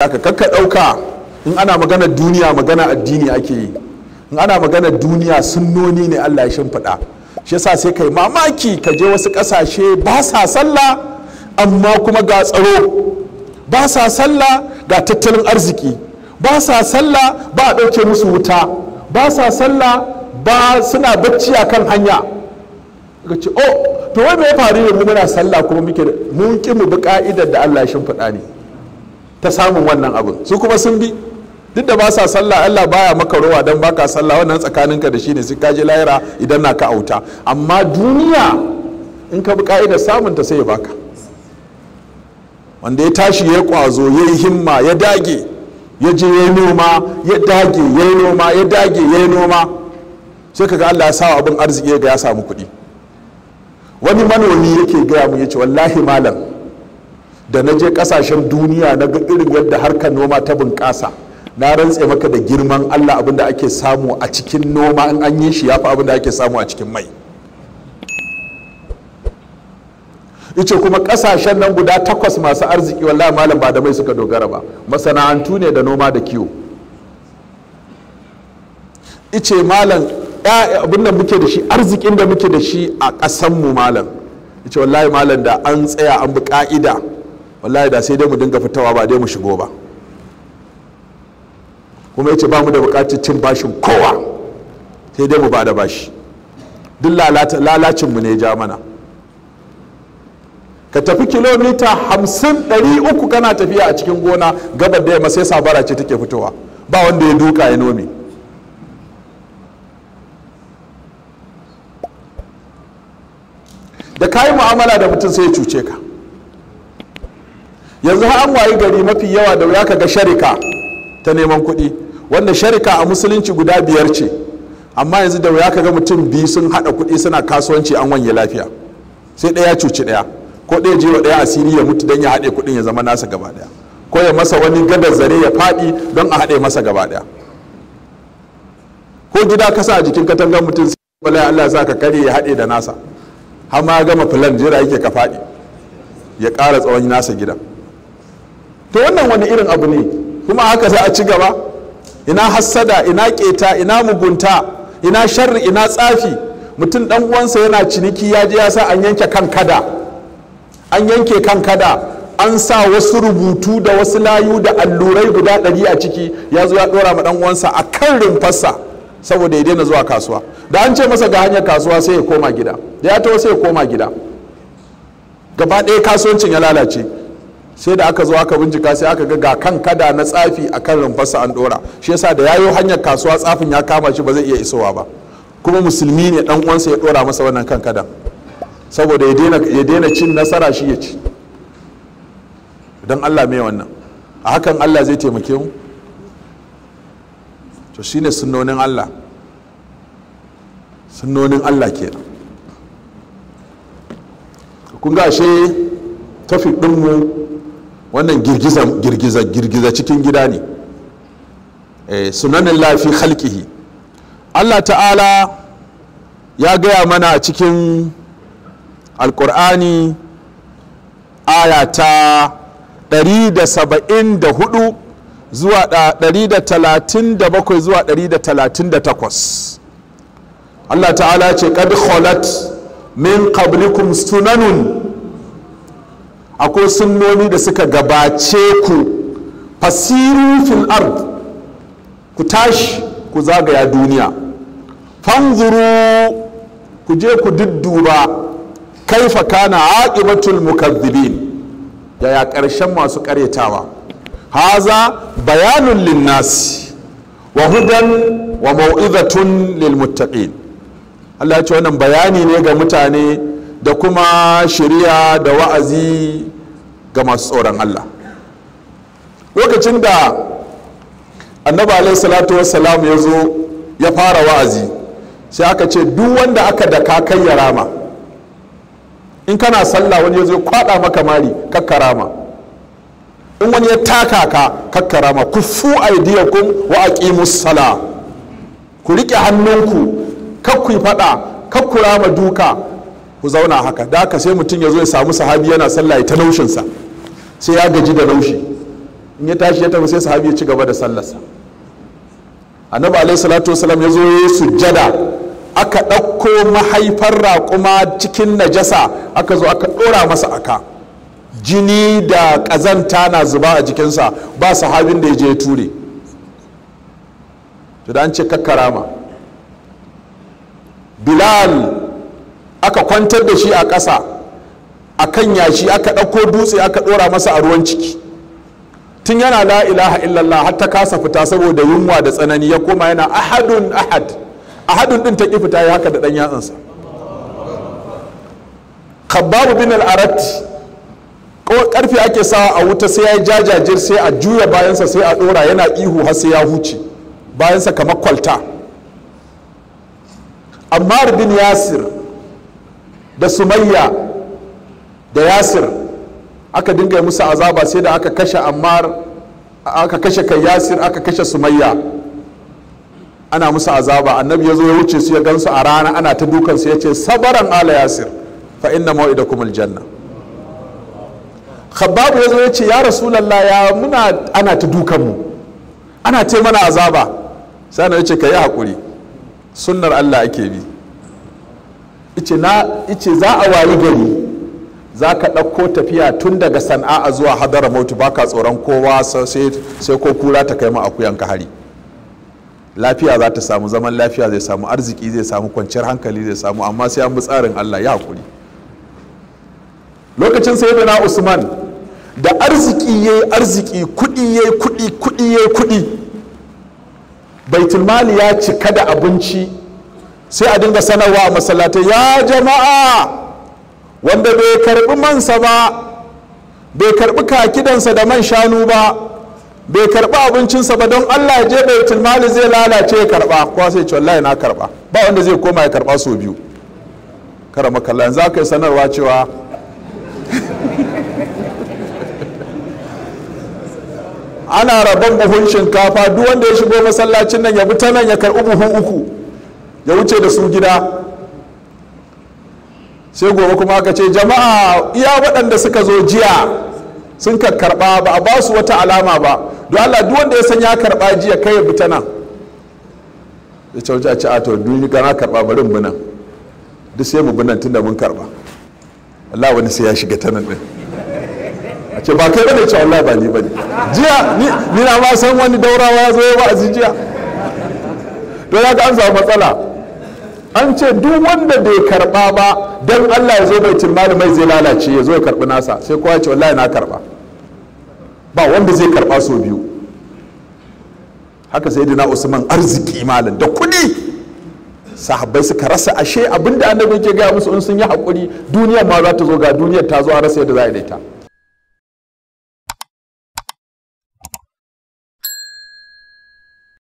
aka kakka ɗauka in ana magana duniya magana addini ake yi in ana magana duniya sunnoni ne allah ya shimfiɗa shi yasa sai kai mamaki ka je wasu ƙasashe ba sa sallah amma kuma ga tsaro ba sa sallah ga tattalin arziki ba sa sallah ba a ɗauke musu wuta ba sa sallah ba suna bacci a kan hanya ga ce oh to wai me faru ne mu muna sallah kuma muke mun ƙi mu bi ka'idar da allah ya shimfiɗa ne ta samun wannan abin su kuma sun bi duk da ba sa sallah Allah baya maka rowa dan baka sallah wannan tsakaninka da shi ne sai ka je lahira idan na ka auta amma duniya in ka bi ka'idar samun ta sai ya baka wanda ya tashi ya kwazo ya yi himma ya dage ya je ya noma ya dage ya noma ya dage ya noma sai ka Allah ya sa abin arziki ga ya samu kuɗi wani manomi yake gaya mu yace wallahi malam da na je kasashen duniya na ga irin yadda harkar noma ta bunƙasa na rantse maka da girman allah abin da ake samu a cikin noma in an yi shi ya fi abin da ake samu a cikin mai ice kuma kasashen nan guda takwas masu arziki wallahi malam ba da mai suka dogara ba masana'antu ne da noma da kiwo ice malam abin da muke da shi arzikin da muke da shi a ƙasanmu malam ice wallahi malam da an tsaya an bi ka'ida. wallahi da sai dai mu dinga fitawa ba dai mu shigo ba kuma yace ba mu da bukatar cin bashin kowa sai dai mu ba bashi duk lalacin mu ne ja mana ka tafi kilomita hamsin ɗari uku kana tafiya a cikin gona gabar da yamma sai sabara ce take fitowa ba wanda ya duka ya nome da kayi mu'amala da mutum sai ya cuce ka yanzu har an wayi gari mafi yawa da wuya ka ga sharika ta neman kuɗi wanda sharika a musulunci guda biyar ce amma yanzu da wuya ka ga mutum biyu sun haɗa kuɗi suna kasuwanci an wanye lafiya sai ɗaya cuci ɗaya ko ɗaya je wa ɗaya asiri ya mutu don ya haɗe kuɗin ya zama nasa gaba ɗaya ko ya masa wani gadar zare ya faɗi don a haɗe masa gaba ɗaya ko gida kasa a jikin katangar mutum sai bala Allah ya ka kare ya haɗe da nasa har ma gama filan jira yake ka faɗi ya ƙara tsawon nasa gidan to wannan wani irin abu ne kuma haka za a ci gaba ina hassada ina keta ina mugunta ina sharri ina tsafi mutum dan uwansa yana ciniki ya je ya sa an yanke kan kada an yanke kan kada an sa wasu rubutu da wasu layu da allurai guda ɗari a ciki ya zo ya ɗora ma dan uwansa a kan rumfarsa saboda ya daina zuwa kasuwa da an ce masa ga hanyar kasuwa sai ya koma gida da ya taho sai ya koma gida gaba ɗaya kasuwancin ya lalace sai da aka zo aka bincika sai aka ga ga kan kada na tsafi a kan rumfarsa an dora shi yasa da yayo hanyar kasuwa tsafin ya kama shi ba zai iya isowa ba kuma musulmi ne dan uwansa ya dora masa wannan kan kada saboda ya daina cin nasara shi ya ci don allah mai wannan a hakan allah zai taimake mu to shine sunnonin allah sunnonin allah kenan kun ga shi tafi ɗinmu wannan girgiza cikin gida ne eh, sunanin lafi halkihi allah ta'ala ya gaya mana cikin alkur'ani aya ta 174 zuwa 137 zuwa 138 allah ta'ala ce kad kholat min qablikum sunanun akwai sunnoni da suka gabace ku fasiru fil ard ku tashi ku zagaya duniya fanzuru ku je ku dudduba kaifa kana aqibatul mukazzibin yaya ƙarshen masu ƙaryatawa haza bayanun linnasi wa hudan wa mau'izatun lil muttaqin Allah ya ce wannan bayani ne ga mutane da kuma shirya da wa'azi ga masu tsoron Allah lokacin da annaba alaihi salatu wasalam ya zo ya fara wa'azi sai aka ce duk wanda aka daka kai ya rama in kana sallah wani ya zo kwada maka mari kakka rama in wani ya taka ka kakka rama ku fu aidiyakum wa aqimus sala ku rike hannunku kakku faɗa kakku rama duka ku zauna haka da aka sai mutum ya zo ya samu sahabi yana sallah ta sa sai ya gaji da laushi in ya tashi ya tafi sai sahabi ya ci gaba da sallarsa annabi alaihi salatu wasalam ya zo ya sujjada aka ɗauko mahaifar raƙuma cikin najasa aka zo aka ɗora masa aka jini da ƙazanta na zuba a jikinsa ba sahabin da ya je ture to da an ce kakkarama bilal aka kwantar da shi a ƙasa a kan yashi aka ɗauko dutse aka ɗora masa a ruwan ciki tun yana la ilaha illallah har ta kasa fita saboda yunwa da tsanani ya koma yana ahadun ahad ahadun ɗin ta ƙi fita ya haka da ɗan yatsansa khabbabu bin al-arat karfe ake sa a wuta sai ya jajajir sai a juya bayansa sai a ɗora yana ihu har sai ya huce bayansa kamar kwalta Amma bin yasir da sumayya da yasir aka dinga musu azaba sai da aka kashe ammar aka kashe kai yasir aka kashe sumayya ana musu azaba annabi ya zo ya wuce su ya gansu a rana ana ta dukansu ya ce sabaran ala yasir fa inna mau'idakum aljanna khabbab ya zo ya ce ya rasulallah ya muna ana ta dukan mu ana ce mana azaba sai na ya ce kai hakuri sunnar Allah ake bi ice za a wayi gari za ka ɗauko tafiya tun daga sana'a zuwa hadara mautu baka tsoron kowa sai ko kura ta kai ma akuyan ka hari lafiya za ta samu zaman lafiya zai samu arziki zai samu kwanciyar hankali zai samu amma sai an bi tsarin allah ya hakuri lokacin sai na usman da arziki ya yi arziki kuɗi ya yi kuɗi kuɗi ya yi kuɗi baitulmali ya cika da abinci sai a dinga sanarwa a masallatai ya jama'a wanda bai karbi mansa ba bai karbi kakidansa da man shanu ba bai karbi abincinsa ba don allah je bai tilmali zai lalace ya karba kuwa sai ce wallahi na karba ba wanda zai koma ya karba sau biyu kara makalla yanzu aka yi sanarwa cewa ana rabon buhun shinkafa duk wanda ya shigo masallacin nan ya bi ta nan ya karbi buhun uku ya wuce da su gida sai gobe kuma aka ce jama'a iya waɗanda suka zo jiya sun karɓa ba a ba su wata alama ba don allah duk wanda ya san ya karɓa jiya kai ya bi ta nan ya ce a ce a to duk gana karɓa bari mu nan duk sai mu binan tunda mun karɓa allah wani sai ya shiga ta nan ɗin a ce ba kai bane ce allah ba ni bane jiya ni na ma san wani daurawa ya zo ya wa'azi jiya don haka an samu matsala an ce duk wanda bai karba ba don Allah ya zo bai timmani mai zai lalace ya zo ya karbi nasa sai kowa ya ce wallahi na karba ba wanda zai karba so biyu haka sai dina usman arziki malam da kudi sahabbai suka rasa ashe abinda annabi ke gaya musu in sun yi hakuri duniyar ma za ta zo ga duniyar ta zo a rasa yadda za a daita